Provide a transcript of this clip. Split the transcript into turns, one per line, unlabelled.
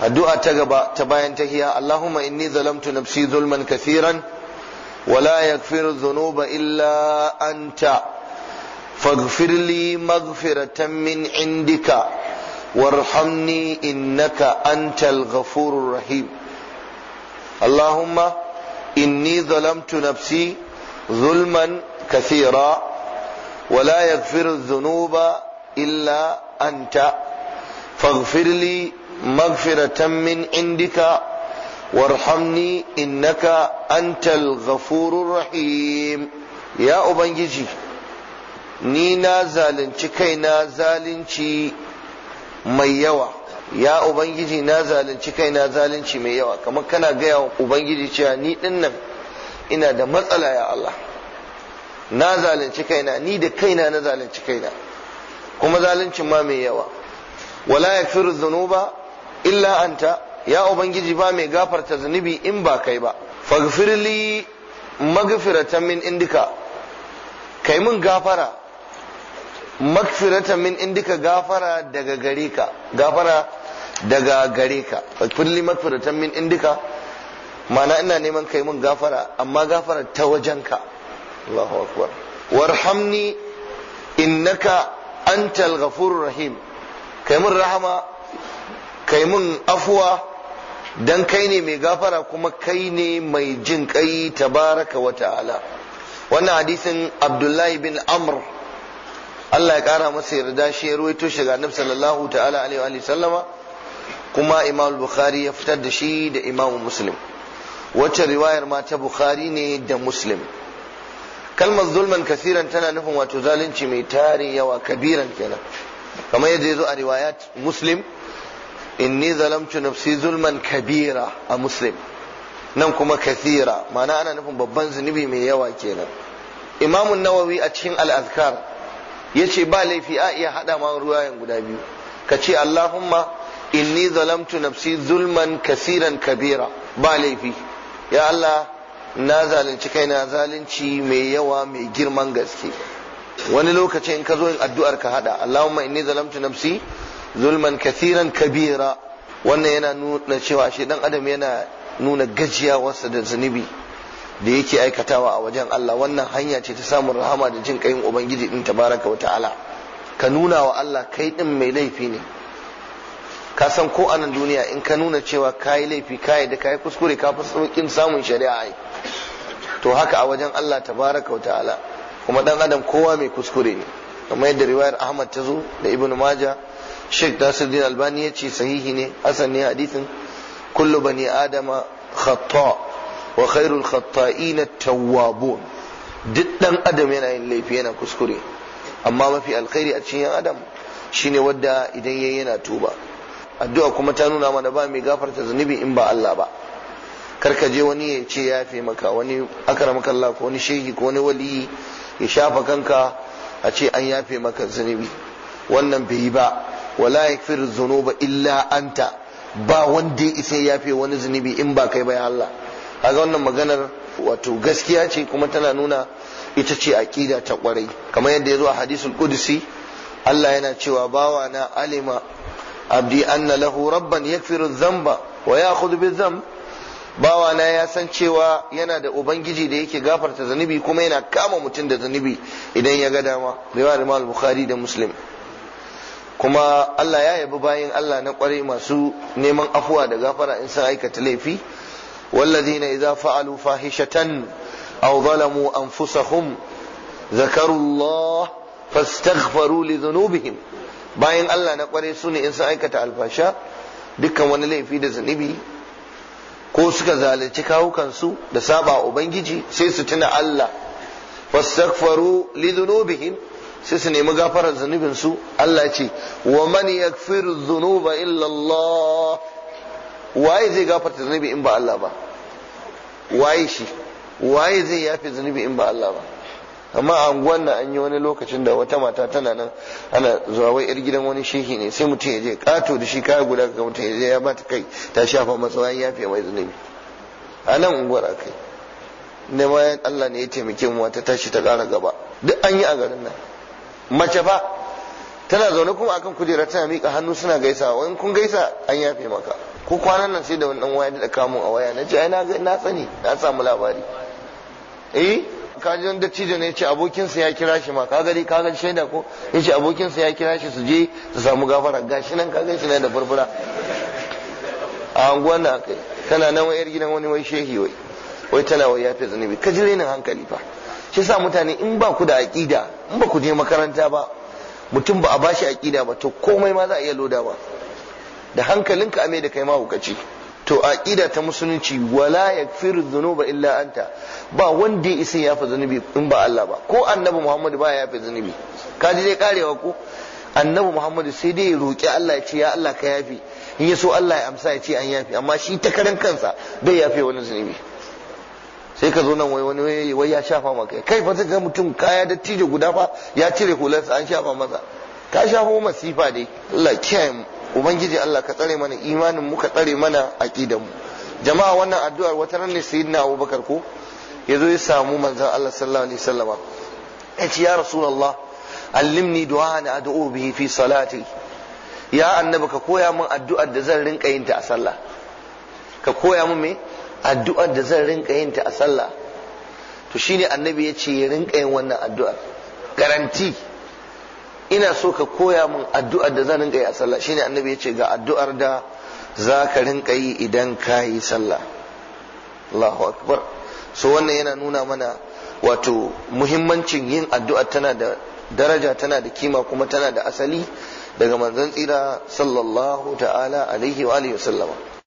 addu'a ta gaba ta bayan tahiya Allahumma inni zalamtu nafsi zulman kathiran wala yaghfiru dhunuba illa anta faghfir li maghfiratan min indika warhamni innaka antal ghafurur rahim Allahumma inni zalamtu nafsi zulman kathira wala la yaghfiru dhunuba illa anta faghfir li مغفرة من عندك وارحمني إنك أنت الغفور الرحيم يا أبنجي نينا زالنشي كينا زالنشي yawa. ya ubangiji na zalunci kai na zalunci mai yawa kamar kana gaya wa ubangiji cewa ni nan, ina da matsala ya Allah na zalunci kaina ni da kaina na zalunci kaina kuma zalunci ma mai yawa wala yaghfiru dhunuba illa anta ya ubangiji ba mai gafarta zunubi in ba kai ba faghfirli magfiratan min indika kai mun gafara magfiratan min indika gafara daga gare ka gafara daga gare ka faghfirli magfiratan min indika mana ina neman kai mun gafara amma gafara ta wajenka Allahu akbar warhamni innaka antal ghafurur rahim kai mun rahama kai mun afuwa dan kai ne mai gafara kuma kai ne mai jin kai tabaraka wa ta'ala wannan hadisin abdullahi bin amr Allah ya kara masa yarda shi ya ruwaito shi ga annabi sallallahu ta'ala alaihi wa sallama kuma imam bukhari ya fitar da shi da imam muslim wacce riwayar ma ta bukhari ne da muslim kalmar zulman kasiran tana nufin wato zalunci mai tarin yawa kabiran kenan kamar yadda ya zo a riwayat muslim inni zalamtu nafsi zulman kabira a muslim nan kuma kathira ma'ana ana nufin babban zunubi mai yawa kenan imamun nawawi a cikin al'azkar ya ce ba laifi a iya haɗa ma ruwayan guda biyu ka ce allahumma inni zalamtu nafsi zulman kasiran kabira ba laifi ya allah na zalunci kaina zalunci mai yawa mai girman gaske wani lokacin in ka zo in addu'ar ka haɗa allahumma inni zalamtu nafsi zulman kathiran kabira wannan yana nuna cewa shi dan adam yana nuna gajiyawarsa da zunubi da yake aikatawa a wajen Allah wannan hanya ce ta samun rahama da jin kayin ubangiji din tabaraka wa ta'ala ka nuna wa Allah kai din mai laifi ne ka san ko a nan duniya in ka nuna cewa kayi laifi kai da kayi kuskure ka fi saukin samun shari'a ai to haka a wajen Allah tabaraka wa ta'ala kuma dan adam kowa mai kuskure ne kamar yadda riwayar Ahmad ta zo da Ibn Majah Sheikh Nasiruddin Albani ya ce sahihi ne Hassan ne hadisin kullu bani adama khata wa khairul khata'in tawwabun duk dan adam yana yin laifi yana kuskure amma mafi alkhairi a cikin adam shine wadda idan yayi yana tuba addu'a kuma ta nuna mana ba mai gafarta zunubi in ba Allah ba karka je wani ya ce ya fi maka wani akramaka ko wani shehi ko wani waliyi ya shafa kanka a ce an yafe maka zunubi wannan bai yi ba wala yaghfiru dhunuba illa anta ba wanda ya isa yafe wani zunubi in ba kai ba ya Allah kaga wannan maganar wato gaskiya ce kuma tana nuna ita ce aqida ta kwarai kamar yadda ya zo a hadisul qudsi Allah yana cewa bawa na alima abdi anna lahu rabban yakfiru dhanba wa ya'khudhu zam bawa na ya san cewa yana da ubangiji da yake gafarta zanubi kuma yana kama mutum da zanubi idan ya ga dama riwayar al-bukhari da muslim kuma Allah ya yabi bayin Allah na kwarai masu neman afuwa da gafara in sun aikata laifi wallazina idza fa'alu fahishatan aw zalamu anfusahum ذكروا الله li dhunubihim bayan Allah na kwarai su ne in sun aikata alfasha dukkan wani laifi da zunubi ko suka zalunci kawukansu da saba ubangiji sai su tuna Allah fastaghfaru li dhunubihim sai su nemi gafarar zunubin su Allah ce wa man yaghfiru dhunuba illa Allah waye zai gafarta zunubi in ba Allah ba waye shi waye zai yafe zunubi in ba Allah ba amma a unguwar nan an yi wani lokacin da wata mata tana nan ana zuwa wai yar gidan wani shehi ne sai mutum ya je kato da shi kaya guda ga mutum ya je ya bata kai ta shafa matsayin yafe mai zunubi a nan unguwar kai ne ma Allah ne ya taimake mu wata tashi ta kara gaba duk an yi a garin nan mace ba tana zaune kuma akan kujera tana miƙa hannu suna gaisawa in kun gaisa an yafe maka ko kwanan nan sai da wani dan waya da kamo a waya na ce ai na sani na samu labari eh kajin dattijo ne ce abokinsa ya kira shi ma kaga dai kaga shaida ko ya abokinsa ya kira shi su je su samu gafara gashi nan kaga shi da furfura a anguwan da tana nan wayar gidan wani wai shehi wai wai tana wai ya fi zunubi ka ji rainin hankali fa shi sa mutane in ba ku da aƙida in ba ku je makaranta ba mutum ba a ba shi aƙida ba to komai ma za a iya loda ba da hankalinka ame da kai ma to aƙida ta musulunci wala ya yakfiru ba illa anta ba wanda ya isa ya fi zunubi in ba Allah ba ko annabi Muhammadu ba ya fi zunubi kaji dai karewa ko annabi Muhammadu sai dai ya roki Allah ya ce ya Allah ka yafi in ya so Allah ya amsa ya ce an yafi amma shi ta karan kansa bai yafe wani zunubi sai ka zo nan wai wani wai ya shafa maka kai fa ga mutum kaya da tije guda fa ya cire hularsa an shafa masa ka shafo masifa dai Allah kiyaye mu ubangiji Allah ka tsare mana imanin mu ka tsare mana aqidan mu jama'a wannan addu'ar wata ran ne sayyidina Abubakar ko yazo ya samu manzon Allah sallallahu alaihi wasallama yace ya rasulullah allimni du'an ad'u bihi fi salati ya annabi ka koya min addu'ar da zan rinka yin ta a sallah ka koya min me addu'ar da zan rinka yin ta a sallah to shine annabi ya ce ya rinka yin wannan addu'ar garanti ina so ka koya min addu'ar da zan rinka yi a sallah shine annabi ya ce ga addu'ar da za ka rinka yi idan ka yi sallah Allahu akbar so wannan yana nuna mana wato muhimmancin yin addu'a tana da daraja tana da kima kuma tana da asali daga manzon tsira sallallahu ta'ala alaihi wa alihi wasallama